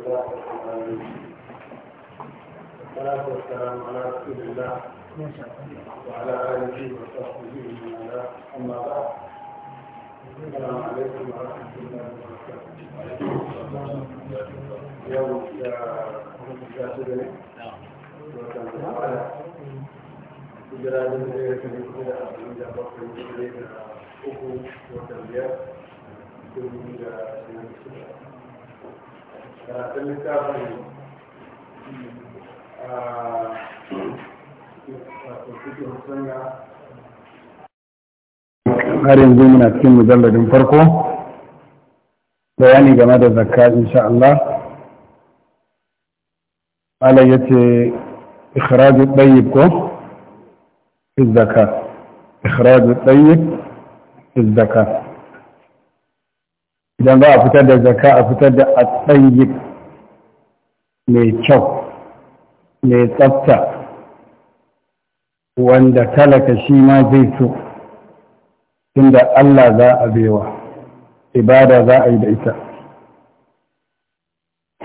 لله رب وعلى آله وصحبه ومن السلام عليكم ورحمة الله وبركاته يوم الشاشرين وكان تعالى وقت الإنسان karatun littafin a ah, cikin suna har yanzu muna cikin mujalladin farko bayani game da zakka insha Allah ala yace ikhraju tayyib ko fi zakka ikhraju tayyib fi zakka idan za a fitar da zaka a fitar da atsayyib mai kyau mai tsafta wanda talaka shi ma zai so tunda Allah za a bewa ibada za a yi da ita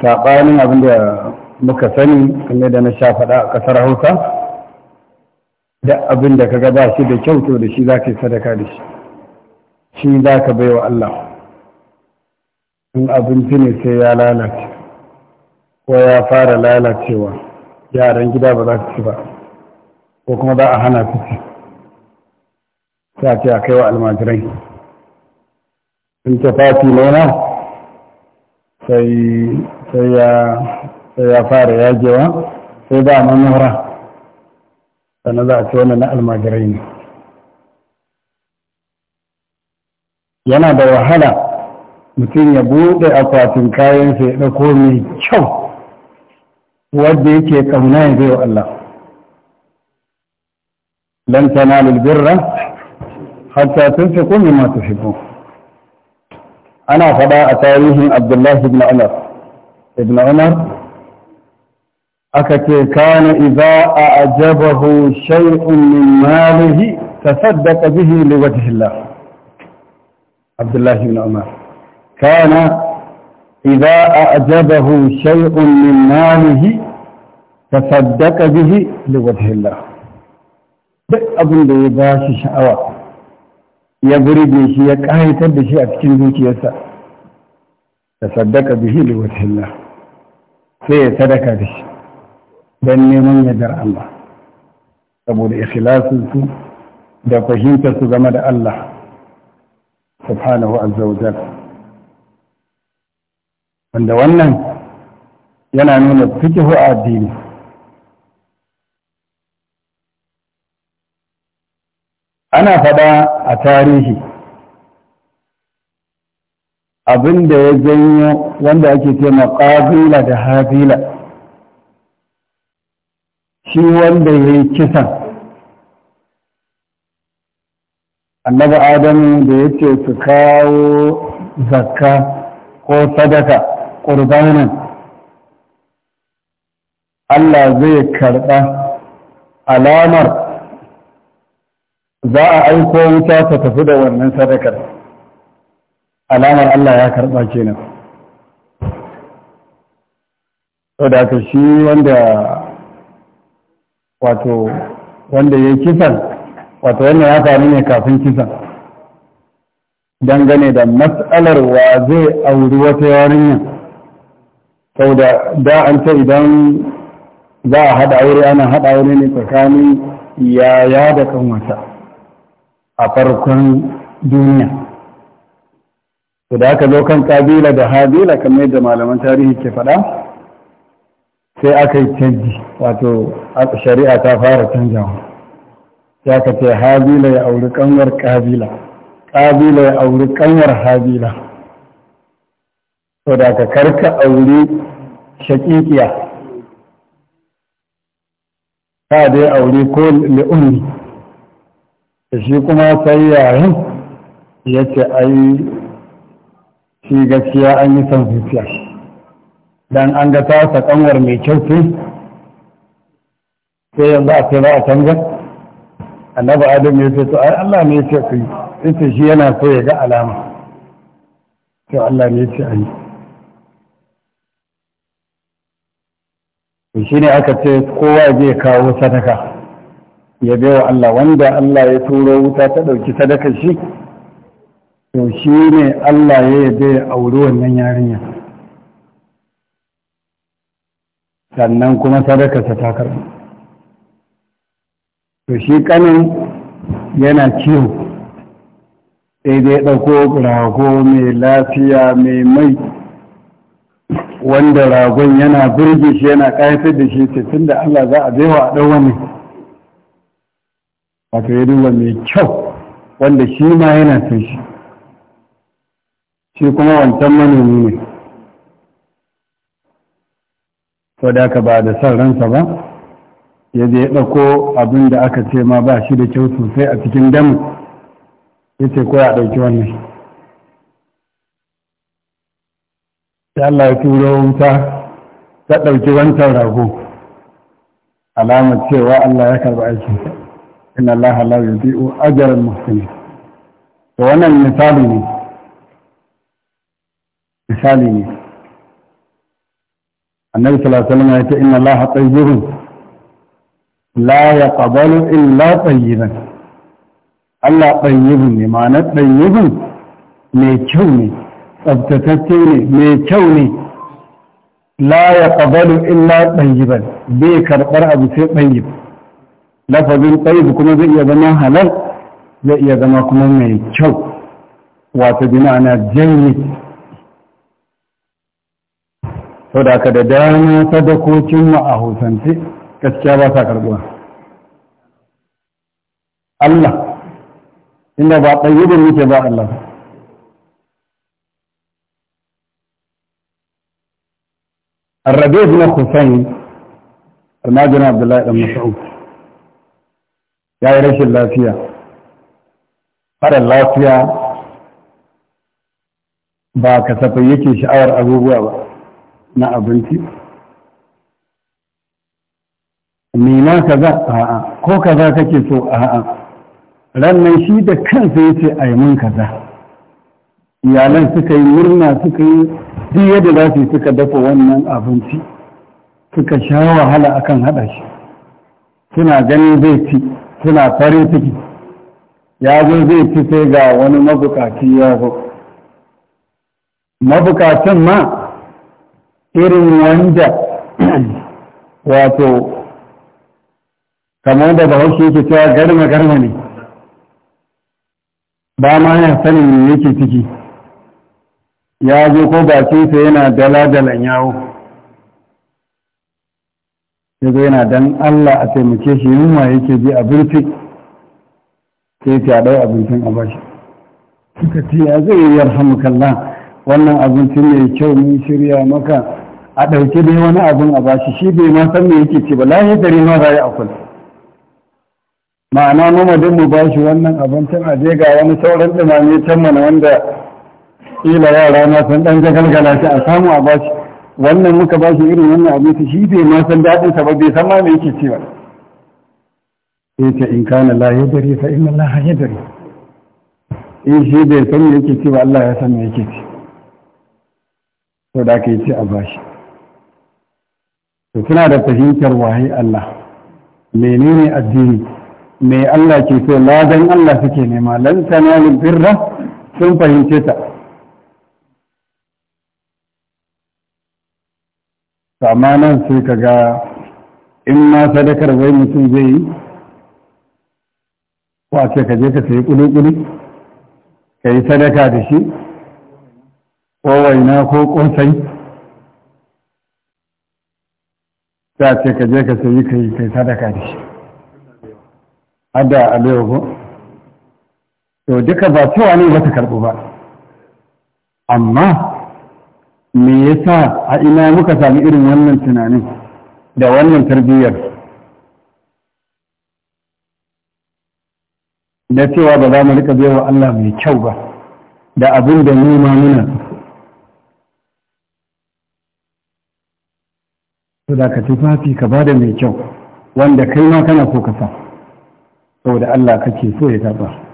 saɓanin abin da muka sani kamar da na sha faɗa a ƙasar hausa da abin da ka gaba shi da kyau to da shi za ka yi sadaka da shi shi za ka baiwa Allah in abinci ne sai ya lalace ko ya fara lalacewa yaran gida ba za su ci ba ko kuma za a hana su ci sai ce a kai wa almajirai in ta fati nuna sai ya fara yagewa sai ba a manura sannan za a ci wannan na almajirai ne yana da wahala mutum ya buɗe akwatin kayansa ya ɗauko mai kyau wadda yake ƙauna ya zai wa Allah lan tanalul birra hatta tunfiqu mimma tuhibbun ana faɗa a tarihin Abdullah ibn Umar ibn Umar aka ce kana idza a'jabahu shay'un min malihi tasaddaqa bihi liwajhi Allah Abdullah ibn Umar كان إذا أعجبه شيء من ماله تصدق به لوجه الله أبن ديباش شعوة يبرد نشي كاية بشي أكتن بوتيسا تصدق به لوجه الله في سيصدق به لن من يدر الله أبو الإخلاص دفهمت سجمد الله سبحانه عز وجل wanda wannan yana nuna fikihu a addini ana fada a tarihi abin da ya janyo wanda ake ce maƙazila da hazila shi wanda ya yi kisan annabi adamu da ya ce su kawo zakka ko sadaka qurbanan Allah zai karɓa alamar za a aiko wuta ta tafi da wannan sadakar alamar Allah ya karɓa kenan So da ka shi wanda wato wanda ya kisan wato wannan ya faru ne kafin kisan dangane da matsalar wa zai auri wata yarinya saboda da an ce idan za a haɗa aure ana haɗa aure ne tsakanin yaya da kanwata a farkon duniya to da aka zo kan kabila da habila kamar yadda malaman tarihi ke faɗa sai aka yi canji wato shari'a ta fara canjawa ya ka ce habila ya auri kanwar kabila kabila ya auri kanwar habila to ka karka aure shaƙiƙiya ka dai aure ko li'u'ni da shi kuma sai yayin ya ce yi shi gaskiya an yi son zuciya don an ga ta kanwar mai kyau sai yanzu a ce ba a canza annabi adam ya ce to ai Allah ne ya ce su yi shi yana so ya ga alama to Allah ne ya ce a yi to shine aka ce kowa zai kawo sadaka ya wa Allah wanda Allah ya turo wuta ta ɗauki sadaka shi to shine Allah ya yabe a auri wannan yarinya sannan kuma sadaka ta takar to shi kanin yana ciwo sai dai ɗauko rago mai lafiya mai mai wanda ragon yana birge shi yana ƙayatar da shi ce tun da Allah za a baiwa a ɗan wani wato ya duba mai kyau wanda shi ma yana son shi shi kuma wancan manomi ne to da aka ba da son ransa ba ya je ya ɗauko abin da aka ce ma ba shi da kyau sosai a cikin damu ya ce ko ya ɗauki wannan sai Allah ya turo wuta ta ɗauki wancan rago alamar cewa Allah ya karɓi aiki inna Allah la yudhi'u ajra al-muhsinin to wannan misali ne misali ne annabi sallallahu alaihi wasallam ya ce inna Allah tayyibun la yaqbalu illa tayyiban Allah tayyibun ne ma'anar tayyibun mai kyau ne tsabtatacce ne mai kyau ne la ya ƙabalu illa ɗayyiban bai karɓar abu sai ba lafazin ɗayyib kuma zai iya zama halal zai iya zama kuma mai kyau wata bina ma'ana janye sau da aka da dama sadakocin mu a hausance gaskiya ba sa karɓuwa Allah inda ba ɗayyibin muke ba Allah الربيع بن خفين الماجن عبد الله بن مسعود ya yi rashin lafiya fara lafiya ba kasafai yake sha'awar abubuwa ba na abinci nima za? a'a ko kaza kake so a'a rannan shi da kansa yace a yi mun kaza iyalan suka yi murna suka yi duk yadda za su yi suka dafa wannan abinci suka sha wahala akan haɗa shi suna ganin zai ci suna farin ciki ya zo zai ci sai ga wani mabukaci ya zo mabukacin ma irin wanda wato kamar da bahaushe yake cewa garma garma ne ba ma ya sanin me yake ciki ya zo ko bakinsa yana daladalan yawo ya zo yana dan Allah a taimake shi yunwa yake ji a birfi sai ta ɗau abincin a bashi suka ce ya zai yi yarhamukallah wannan abinci mai kyau mun shirya maka a ɗauke dai wani abin a bashi shi bai ma san me yake ce ba lahi dare ma rayu a kula ma'ana nomadin mu bashi wannan abincin a je ga wani sauran dumame can mana wanda kila yara na san dan jagalgala shi a samu a bashi wannan muka bashi irin wannan abinci shi bai ma san daɗin sa ba bai san ma me yake cewa ba sai ce in kana la yadri fa inna Allah yadri in shi bai san me yake cewa Allah ya san me yake ci to da ka yi ci a bashi to suna da fahimtar waye Allah menene addini me Allah ke so lazan Allah suke nema lan tanalu birra sun fahimce ta amma nan sai ka ga in ma sadakar wai mutum zai yi ko a ce ka je ka sayi kuli-kuli ka yi sadaka da shi ko waina ko kosai ta ce ka je ka sayi ka yi sadaka da shi hada a lewago to duka ba cewa ne ba ta karɓu ba amma me yasa a ina muka sami irin wannan tunanin da wannan tarbiyyar da cewa ba za mu rika wa Allah mai kyau ba da abin da mu ma muna so da ka tufafi ka bada mai kyau wanda kai ma kana so ka sa saboda Allah kake so ya taba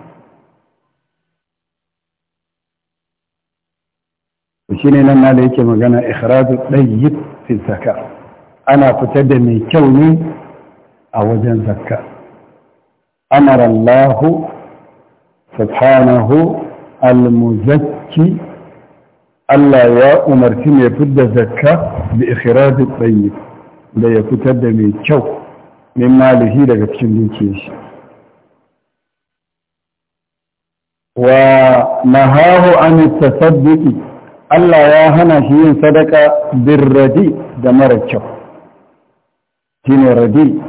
shine nan na da yake magana ikhradu dayyib fi zakka ana fitar da mai kyau ne a wajen zakka amara Allah subhanahu al-muzakki Allah ya umarci mai fitar zakka bi ikhradu dayyib da ya fitar da mai kyau min malihi daga cikin dukiyar shi wa nahahu an tasaddiqi Allah ya hana shi yin sadaka bin radi da mara kyau shine radi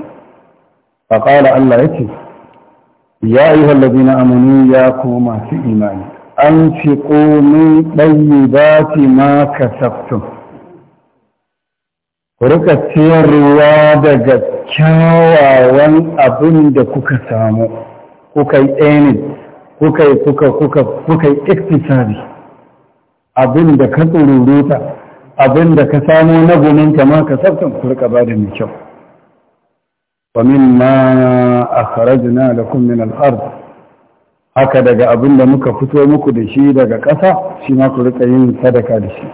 a ƙala Allah ya ce? ya yi hallabi na amini ya koma fi imani anfiqu ba tayyibati ma kasabtum rika ciyarwa daga kyawawan abin da kuka samu kuka yi kukai kuka yi kuka kuka kuka yi abin da ka ta abin da ka samo na gunin ma ka sabta furka ba da mai kyau wamin ma a harajina da kummin al'ard haka daga abin da muka fito muku da shi daga ƙasa shi ma ku rika yin sadaka da shi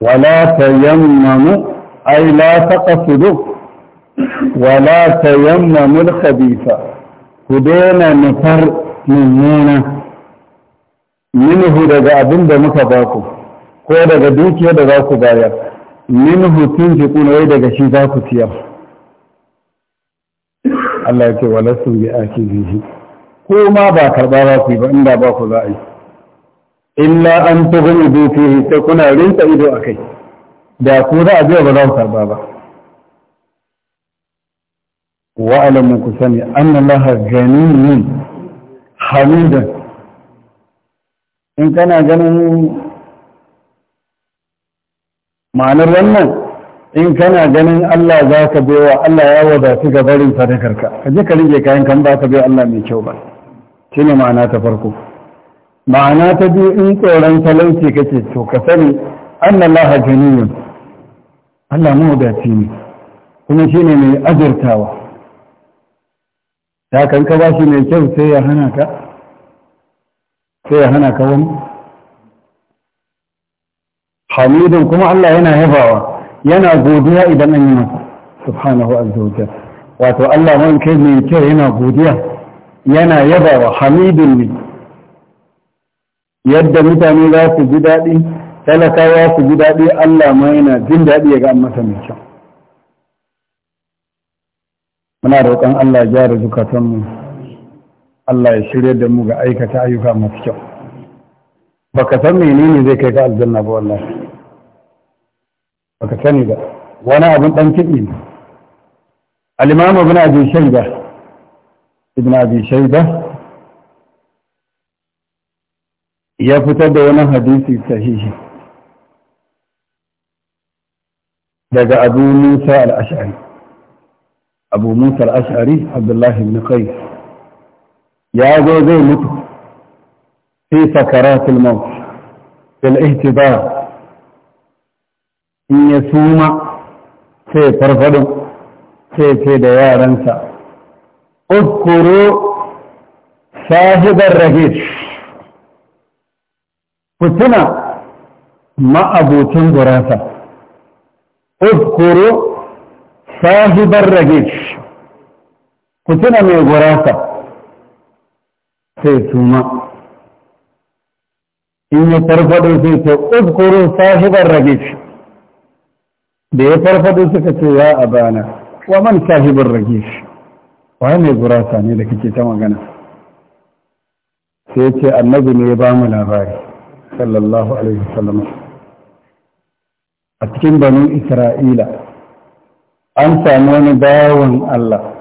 wala ta yammamu ai la ta ƙasudu wala ta al khabisa ku daina nufar mummuna minhu daga abin da muka ba ku ko daga dukiyar da za ku bayar minhu tun ji kunawai daga shi za ku siya. Allah ya ce walastu bi akibihi ko ma ba karba za ku yi ba inda ba ku za a yi illa an bi fihi ta kuna rinta ido a kai da ku za a biya ba za ku karba ba alamu ku sani annallaha ganiyun hamidan in kana ganin ma'anar wannan in kana ganin Allah za ka wa Allah ya wadatu ga barin sadakarka ka je ka rige kayan kan ba ka baiwa Allah mai kyau ba shi ne ma'ana ta farko ma'ana ta biyu in tsoron talauci ce to ka sani annallaha ganiyun Allah mu wadati ne kuma shi ne mai azurtawa ta kan ka ba shi mai kyau sai ya hana ka sai ya hana ka wani hamidun kuma Allah yana yabawa yana godiya idan an yi masa subhanahu azza wato Allah man kai mai kyau yana godiya yana yabawa hamidun ne yadda mutane za su ji daɗi talakawa su ji daɗi Allah ma yana jin daɗi ya ga an masa mai kyau muna roƙon Allah ya gyara zukatanmu Allah ya shirya da mu ga aikata ayyuka masu kyau baka san menene zai kai ka aljanna ba wallahi baka sani ba wani abin dan kiɗi ne al-imam ibn abi shayba ibn abi shayba ya fitar da wani hadisi sahihi daga abu musa al-ash'ari abu musa al-ash'ari abdullahi ibn qais ya zo zai mutu fi sakaratul maut fil ihtibar in ya suma sai farfadin sai ce da yaransa ukuru sahibar rahis ku tuna ma'abocin gurasa ukuru sahibar rahis ku tuna mai gurasa sai Suma in ya farfado sai ce uzkuru sahibar rage da ya farfado suka ce ya abana wa man sahibar rage wa mai gurasa ne da kake ta magana sai ce annabi ne ya ba mu labari sallallahu alaihi wasallam a cikin banin isra'ila an samu wani bawan Allah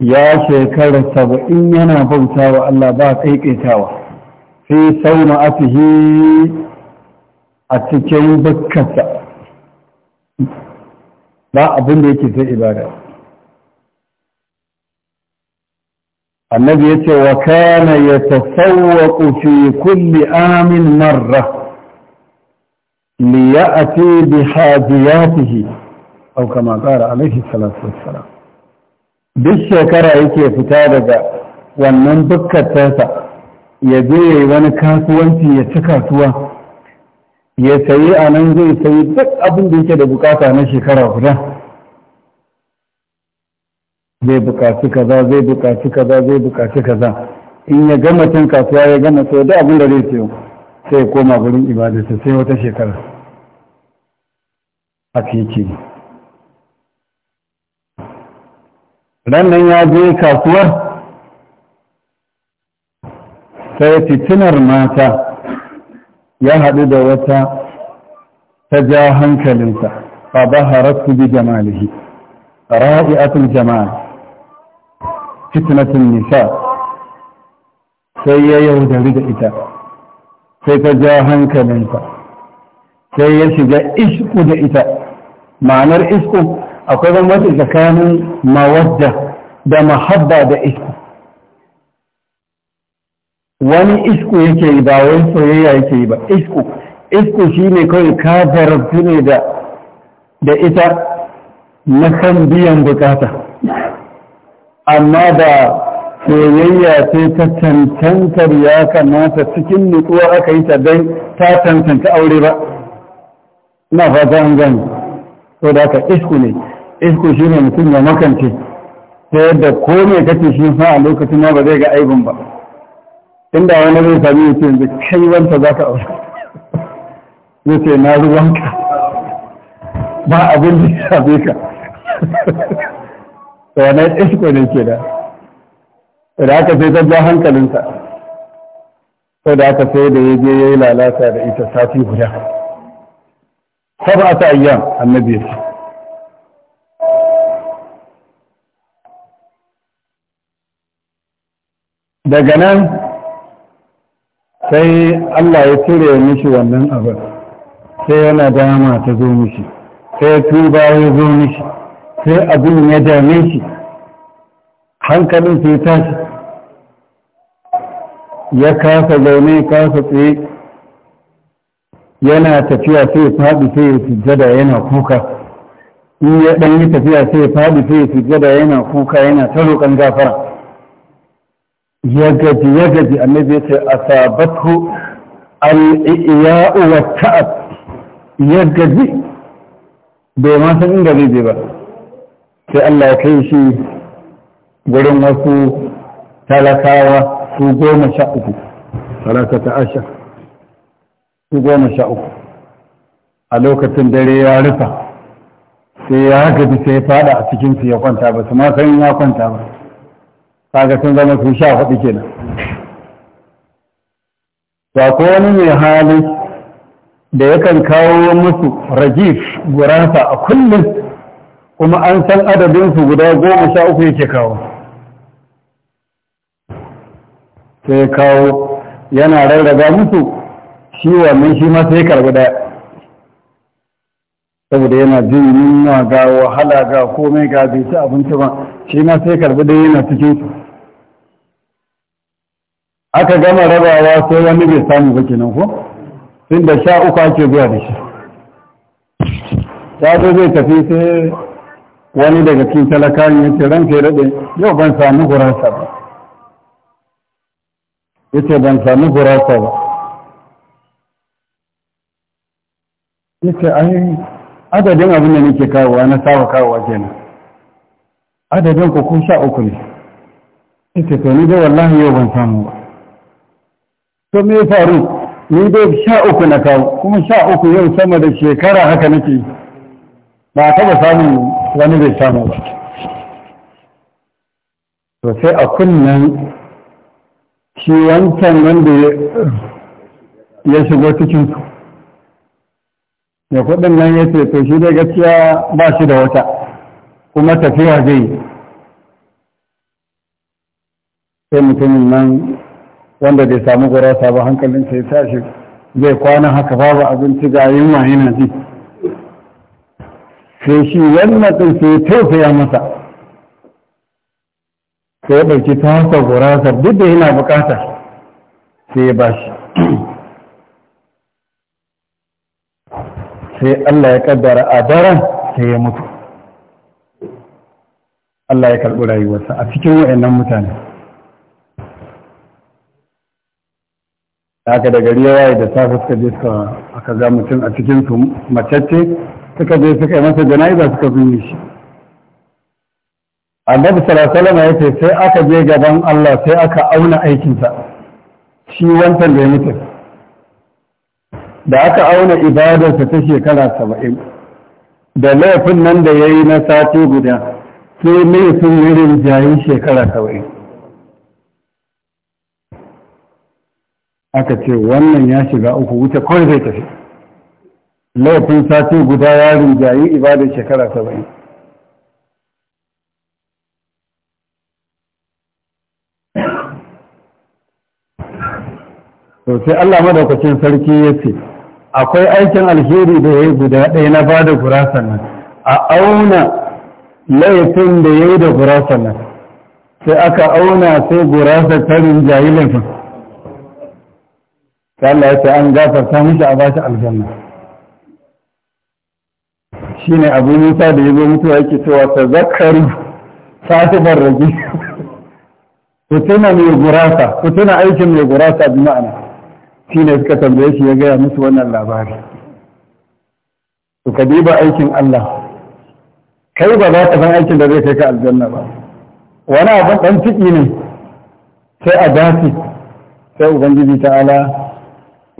يا شكر سبعين يانا فوتا وألا بات أي كتاوة في سوم أته أتكين بكتا لا أظن ليك في إبادة النبي يتوى وكان يتفوق في كل آم مرة ليأتي بحاجياته أو كما قال عليه الصلاة والسلام duk shekara yake fita daga wannan bukkatarsa ya je ya yi wani kasuwanci ya ci kasuwa ya sayi a nan zai sayi duk abin da yake da bukata na shekara guda zai bukaci kaza zai bukaci kaza zai bukaci kaza in ya gama cin kasuwa ya gama sayo duk abin da zai sayo sai koma gurin ibadarsa sai wata shekara a fiye rannan ya je kasuwar sai fitinar mata ya haɗu da wata ta ja hankalinsa fa baharatu bi jamalihi ra'iatul jama'a fitnatun nisa sai ya yaudari da ita sai ta ja hankalinsa sai ya shiga isku da ita ma'anar isku akwai bambanci tsakanin mawadda da mahabba da isku wani isku yake yi ba wai soyayya yake yi ba isku isku shi ne kawai ka zarfi ne da ita na kan biyan bukata amma da soyayya ce ta cancantar ya kamata cikin nutsuwa aka yi ta don ta cancanta aure ba ina fata an gani so da aka isku ne isko shi ne mutum ya makance ta yadda ko mai kake shi sa a lokacin ma ba zai ga aibin ba inda wani zai sami ya ce yanzu kai wanta za ka aure zai ce na ruwanka ba abin da ya shafe ka wani isko ne ke da da aka sai ta ja hankalinsa sau da aka sai da ya je ya yi lalata da ita sati guda a ta ayyan annabi ya daga nan sai Allah ya cire mishi wannan abu sai yana dama ta zo mishi sai tuba ya zo mishi sai abin ya dame shi hankalin sai tashi ya kasa zaune kasa tsaye yana tafiya sai ya faɗi sai ya sujjada yana kuka in ya ɗan yi tafiya sai ya faɗi sai ya sujjada yana kuka yana ta roƙon gafara ya gaji ya gaji annabi ya ce asabatu al-i'ya'u wa ta'ab ya gaji bai ma san inda zai je ba sai Allah ya kai shi wurin wasu talakawa su goma sha uku talakata ashar su goma sha uku a lokacin dare ya rufa sai ya gaji sai ya fada a cikinsu ya kwanta ba su ma ya kwanta ba kaga sun zama su sha hudu kenan ba ko wani mai hali da yakan kawo musu rajif gurasa a kullum kuma an san adadinsu guda goma sha uku yake kawo sai kawo yana rarraba musu shi wannan shi ma sai karbi daya saboda yana jin yunwa ga wahala ga komai ga bai ci abinci ba shi ma sai karbi dai yana cikin su aka gama rabawa sai wani bai samu ba kenan ko tun da sha uku ake zuwa da shi ta zo zai tafi sai wani daga cikin talakawan ya ce ranka ya yau ban sami gurasa ba ya ce ban sami gurasa ba ya ce ai adadin abin da nake kawowa na saba kawowa kenan adadin ku kun sha uku ne ita to ni dai wallahi yau ban samu ba to me faru ni dai sha uku na kawo kuma sha uku yau sama da shekara haka nake ba taba samu wani bai samu ba to sai a kunnan shi wancan wanda ya shigo cikin su mai kudin nan ya ce to shi dai gaskiya ba shi da wata kuma tafiya zai sai mutumin nan wanda bai samu gurasa ba hankalin sai tashi zai kwana haka babu abinci ga yunwa yana ji sai shi wannan din sai tausaya masa sai ya ɗauki ta hasa gurasa duk da yana bukata sai ya bashi sai Allah ya kaddara a daren sai ya mutu Allah ya karɓi rayuwarsa a cikin wa'annan mutane haka da gari yawa da safe suka je suka aka ga mutum a cikin su macacce suka je suka yi masa jana'iza suka binne shi annabi sallallahu alaihi wasallam ya ce sai aka je gaban Allah sai aka auna aikinsa shi wancan da ya mutu da aka auna ibadarsa ta shekara saba'in da laifin nan da ya yi na sati guda sai laifin wurin jayi shekara saba'in aka ce wannan ya shiga uku wuce kawai zai tafi laifin sati guda ya rinjayi ibadar shekara saba'in sosai sai Allah madaukacin sarki ya ce akwai aikin alheri da ya yi guda ɗaya na bada gurasa nan a auna laifin da ya yi da gurasa nan sai aka auna sai gurasa tarin jayi laifin ta Allah ya ce an gafarta mishi a bashi aljanna shi ne abu nisa da ya zo mutuwa yake cewa ta zakari ta fi barragi ku tuna mai gurasa ku tuna aikin mai gurasa bi ma'ana shi ne suka tambaye shi ya gaya musu wannan labari to ka diba aikin Allah kai ba za ka san aikin da zai kai ka aljanna ba wani abin dan ciki ne sai a dace sai ubangiji ta ala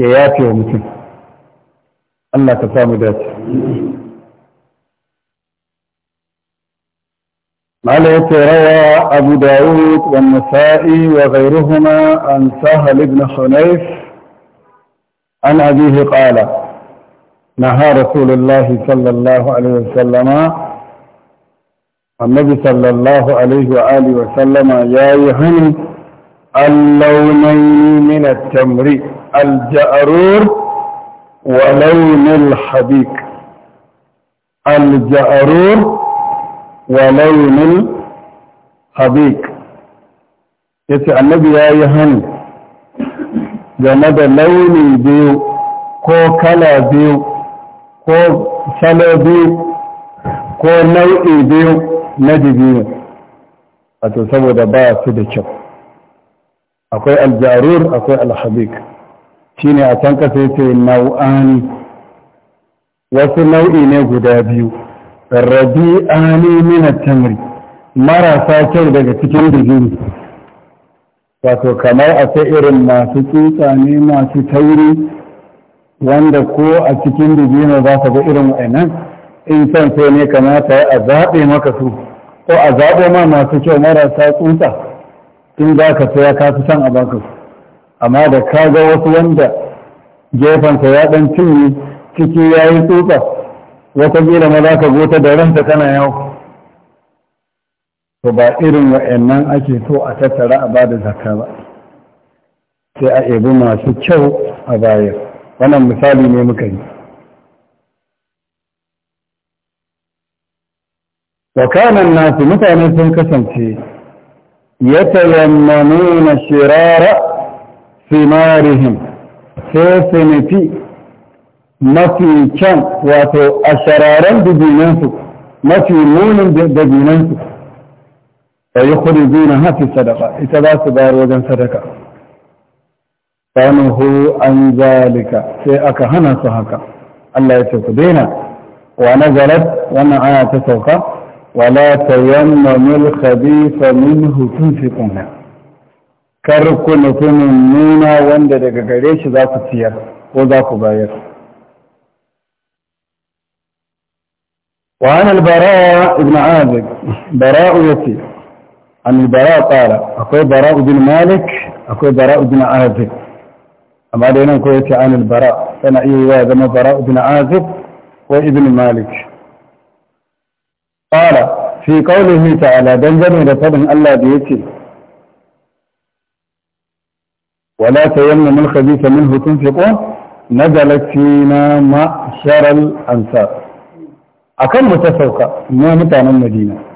ya yafe wa mutum Allah ka samu dace قال روى أبو داود والنسائي وغيرهما عن سهل بن حنيف عن أبيه قال نهى رسول الله صلى الله عليه وسلم النبي صلى الله عليه وآله وسلم يا يهن اللونين من التمر الجأرور ولون الحبيك الجأرور ولون الحبيك yace يا يهن game da launi biyu ko kala biyu ko salo biyu ko nau'i biyu na A wato saboda ba su da kyau akwai aljarur akwai alhabik shi ne a can kasa ce nau'ani wasu nau'i ne guda biyu rabi'ani min tamri marasa kyau daga cikin dibino wato kamar a irin masu tsutsa ne masu tauri wanda ko a cikin dubino za ka ga irin wa'annan in san sai ne kamata a zaɓe maka su ko a zaɓe ma masu kyau marasa tsutsa in za ka saya ka fi san a baka su amma da ka ga wasu wanda gefensa ya ɗan cinye ciki ya yi tsutsa wata gila ma za ka gota da ranta kana yau to ba irin wa'annan ake so a tattara a bada zakka ba sai a ebi masu kyau a bayar wannan misali ne muka yi wakanan nasu mutane sun kasance ya na shirara simarihim sai su mafi kyan wato a shararen dubinansu mafi munin dubinansu يخرجونها في صدقه اذا صدر وجن صدقه فانه عن ذلك سيأك هنا صحك الله يتفدينا ونزلت ومعها تسوق ولا تيمم الخبيث منه تنفقنا كركن تنمينا واندرق قريش ذاك السير وذاك باير وعن البراء ابن عازق براء يسير عن البراء قال أقول براء بن مالك أقول براء بن عازب أما لنا نقول عن البراء فأنا إيه هذا ما براء بن عازب وابن مالك قال في قوله تعالى دنجل لفضل الله بيتي ولا تيمم الخبيث منه تنفقون نزلت فينا معشر الأنصار أكم متسوقة ما متعنا المدينة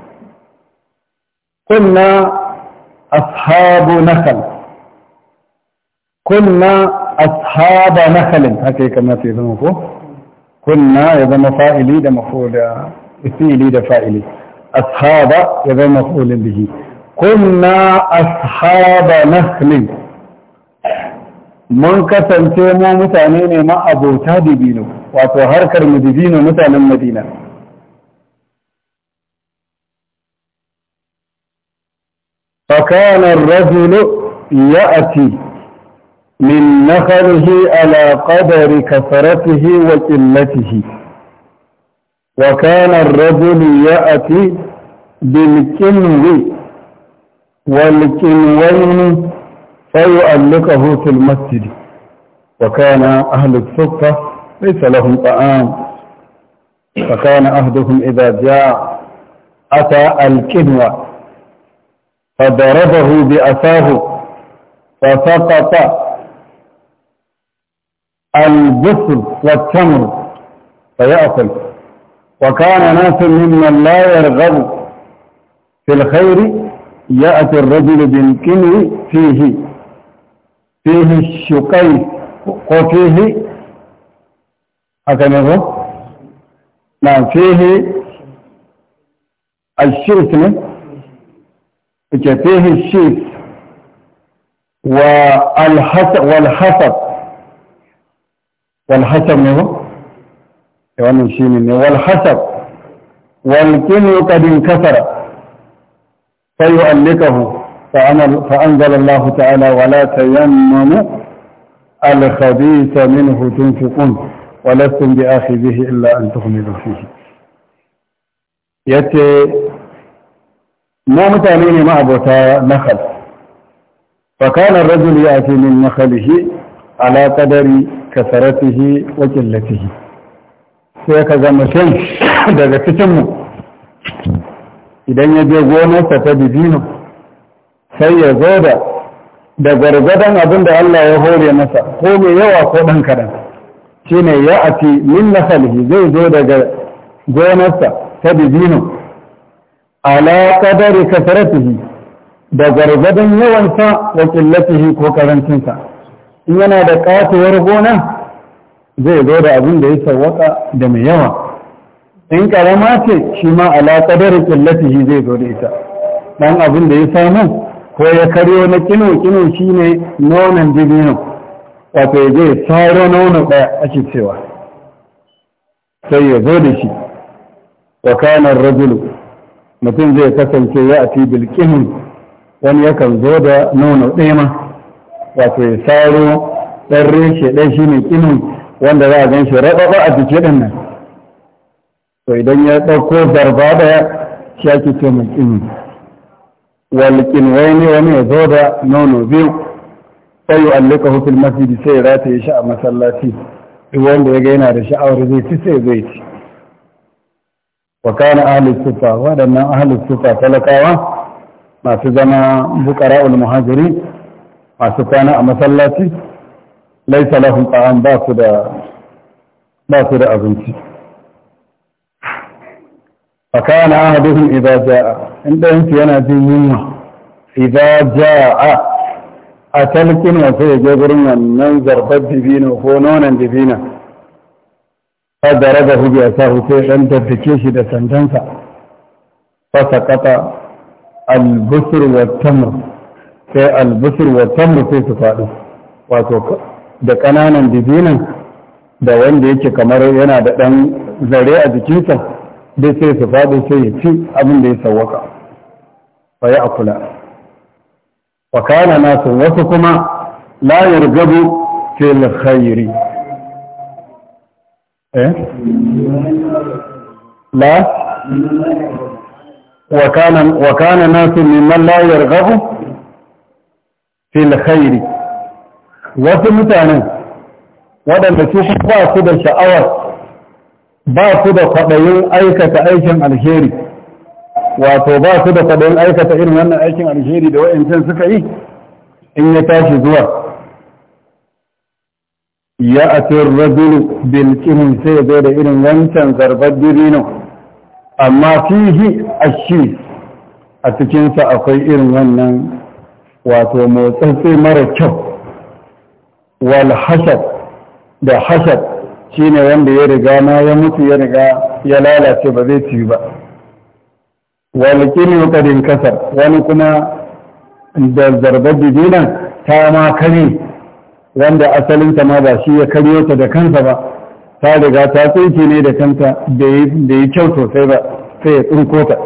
كنا أصحاب نخل كنا أصحاب نخل هكذا كما في ذنوبه كنا إذا فائلي ده مفعول إثيلي ده فائلي أصحاب إذا مفعول به كنا أصحاب نخل من كسنتي mu متعنيني ما أبو abota dibino wato harkar mu dibino mutanen madina فكان الرجل يأتي من نخله على قدر كثرته وقلته وكان الرجل يأتي بالكنو والكنوين فيؤلقه في المسجد وكان أهل السفة ليس لهم طعام فكان أهدهم إذا جاء أتى الكنوة فضربه بأساه فسقط البصر والتمر فيأكل وكان ناس ممن لا يرغب في الخير يأتي الرجل بالكني فيه فيه الشقي وفيه هكذا نعم فيه الشرك فيه الشيك والحسب والحسب والحسب نهو الشيء منه والحسب والكن قد انكسر فيؤلكه فأنزل الله تعالى ولا تيمموا الخبيث منه تنفقون ولستم بآخذه إلا أن تغمضوا فيه يتي mu mutane ne ma'abota nakhal fa kana ar-rajulu min nakhalihi ala qadari kasaratihi wa qillatihi sai ka ga mutum daga cikin mu idan ya je gonarsa ta dibino sai ya zo da da gwargwadon abin da Allah ya hore masa ko mai yawa ko ɗan kaɗan shi ya ati min nasalihi zai zo daga gonarsa ta dibino ala kadari kasratihi da gargadin yawansa wa qillatihi ko karancinsa in yana da katuwar gona zai zo da abin da ya sawwaka da mai yawa in karama ce shi ma ala kadari qillatihi zai zo da ita dan abin da ya samu ko ya karyo na kino kino shine nonon dibino wato ya je saro nono daya ake cewa sai ya zo da shi wa kana rajulu mutum zai kasance ya ati bilkihin wani yakan zo da nono ɗaya ma wato ya saro ɗan reshe ɗaya shi ne kinin wanda za a gan shi raɓaɓa a jiki ɗin nan to idan ya ɗauko zarba ɗaya shi ake ce mai kinin walƙin wai ne wani ya zo da nono biyu sai allaka hufil masjidi sai ya rataye shi a masallaci duk wanda ya ga yana da sha'awar zai ci sai zai ci وكان أهل السفة ولأن أهل السفة فلقاوا ما سجن بقراء المهاجرين ما سكان أمثلات ليس لهم طعام باكد باكد أبنتي فكان أهدهم إذا جاء عندهم في ينادي إذا جاء أتلك وسيجبرون من ذربت دفين وفونون دفينه fa daraba hu bi asahu sai dan tattake shi da sandansa fa saqata al wa sai wa sai su faɗi wato da ƙananan dibinan da wanda yake kamar yana da ɗan zare a jikinsa duk sai su faɗi sai ya ci abin da ya sawwaka fa ya akula wa kana nasu wasu kuma la yargabu fil khairi eh la wa kana wa kana wasu mutanen waɗanda ba su da sha'awar ba su da kwaɗayin aikata aikin alheri wato ba su da kwaɗayin aikata irin wannan aikin alheri da wa'ancan suka yi in ya tashi zuwa ya atir rajulu bil sai zo da irin wancan zarbar dirino amma fihi shi a cikinsa akwai irin wannan wato motsatsi mara kyau wal hashad da shi shine wanda ya riga na ya mutu ya riga ya lalace ba zai ci ba wal ƙarin ƙasar kasar wani kuma da zarbar dijinan ta ma kare wanda asalinta ma ba shi ya karyo ta da kansa ba ta riga ta tsinke ne da kanta da yi kyau sosai ba sai ya tsinko ta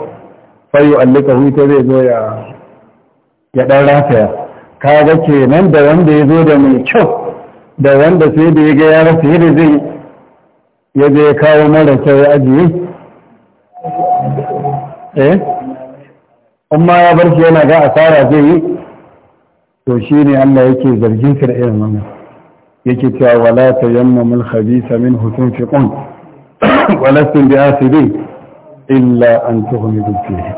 fayu allika ta zai zo ya ya dan rataya ka ga kenan da wanda ya zo da mai kyau da wanda sai da ya ga ya rasa yadda zai ya zai kawo mara kyau ya ajiye eh amma ya bar shi yana ga asara zai yi to shi ne Allah yake zargin ka da irin wannan yake cewa wala tayammamul khabitha minhu tunfiqun wa lastum bi'asibin illa an tughmidu fihi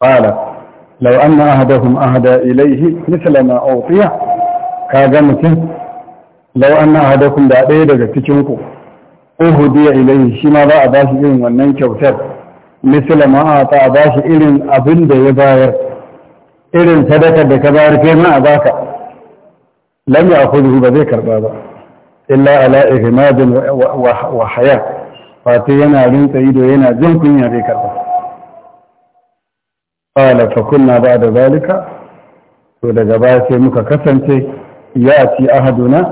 qala law anna ahadahum ahada ilayhi mithla ma utiya ga mutum law anna ahadakum da ɗaya daga cikin ku uhudiya ilayhi shi ma za a bashi irin wannan kyautar mithla ma ata a bashi irin abin da ya bayar irin sadakar da ka bayar ke ma a baka lam ya Kudu ba zai karba ba illa ala ihmadin wa haya fati yana rinta ido yana jin kunya zai karba qala fa kunna ba'da zalika to daga baya sai muka kasance ya ci ahaduna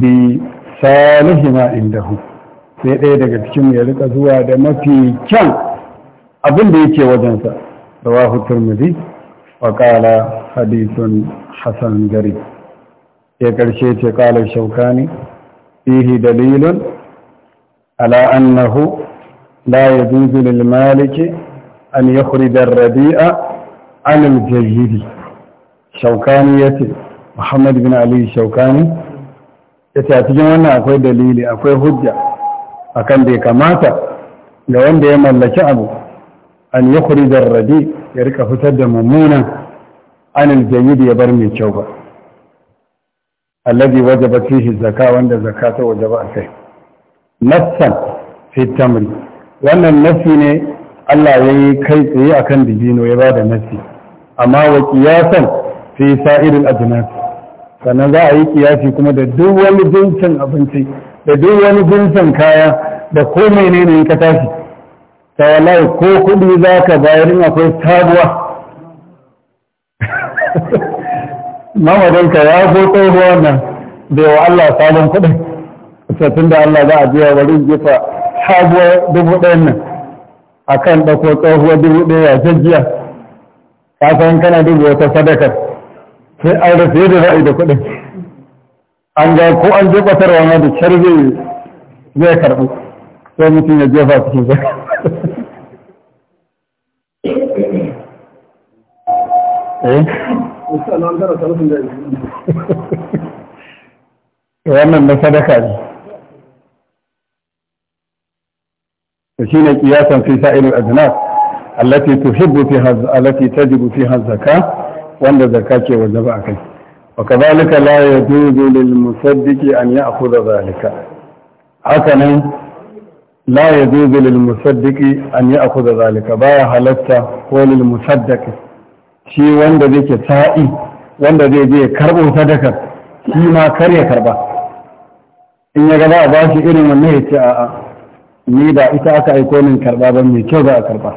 bi salihima indahu sai ɗaya daga cikin ya rika zuwa da mafi kyan abin da yake wajensa rawahu turmudi وقال حديث حسن غريب يكرشيت قال الشوكاني فيه دليل على أنه لا يجوز للمالك أن يخرج الرديء عن الجيد شوكاني يتي محمد بن علي الشوكاني cikin wannan akwai dalili akwai hujja akan bai kamata ga wanda ya mallaki abu an yukhrij da rabi ya rika fitar da mummunan anil jayyid ya bar mai kyau ba alladhi wajaba fihi zakka wanda zakka ta wajaba a kai nassan fi tamri wannan nasi ne Allah ya yi kai tsaye akan dibino ya ba da nasi amma wa kiyasan fi sa'irin ajinas sannan za a yi kiyasi kuma da duk wani jinsin abinci da duk wani jinsin kaya da ko menene ka tashi ta ko kuɗi za ka bayar akwai sabuwa mamadinka ya zo tsohuwa nan da yawa Allah salon kudi tun da Allah za a biya bari gifa sabuwar dubu ɗayan nan a kan ɗako tsohuwa dubu ɗaya jajjiya ta san kana dubu wata sadakar sai an rufe da ra'ayi da kuɗin an ga ko an jefa ƙasarwa ma da carbe zai karɓi sai mutum ya jefa cikin zai Eh? wannan na sadaka ne shi ne kiyasan fi sa'ilil ajnas allati tuhibbu ta jibu fi fiha zakah wanda zaka ke wajaba kai. wa kadhalika la yajuzu lil musaddiqi an ya'khudha zalika haka nan la ya zuzu lil musaddiki an yi akuza zalika baya halatta ko lil musaddiki shi wanda zai ke sa'i wanda zai je karɓo sadakar shi ma kar ya karba in ya gaba a bashi irin wannan ya ce a'a ni ba ita aka aiko ni karba ba mai kyau za a karba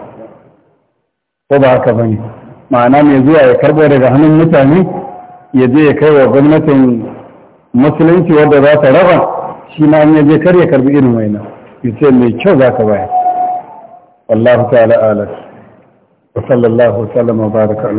ko ba haka ba ne ma'ana mai zuwa ya karbo daga hannun mutane ya je ya kai wa gwamnatin musulunci wadda za ta raba shi ma in ya je kar ya karbi irin waina. ya mai kyau za ka bayar wallahu ta'ala wa sallallahu wa sallama baraka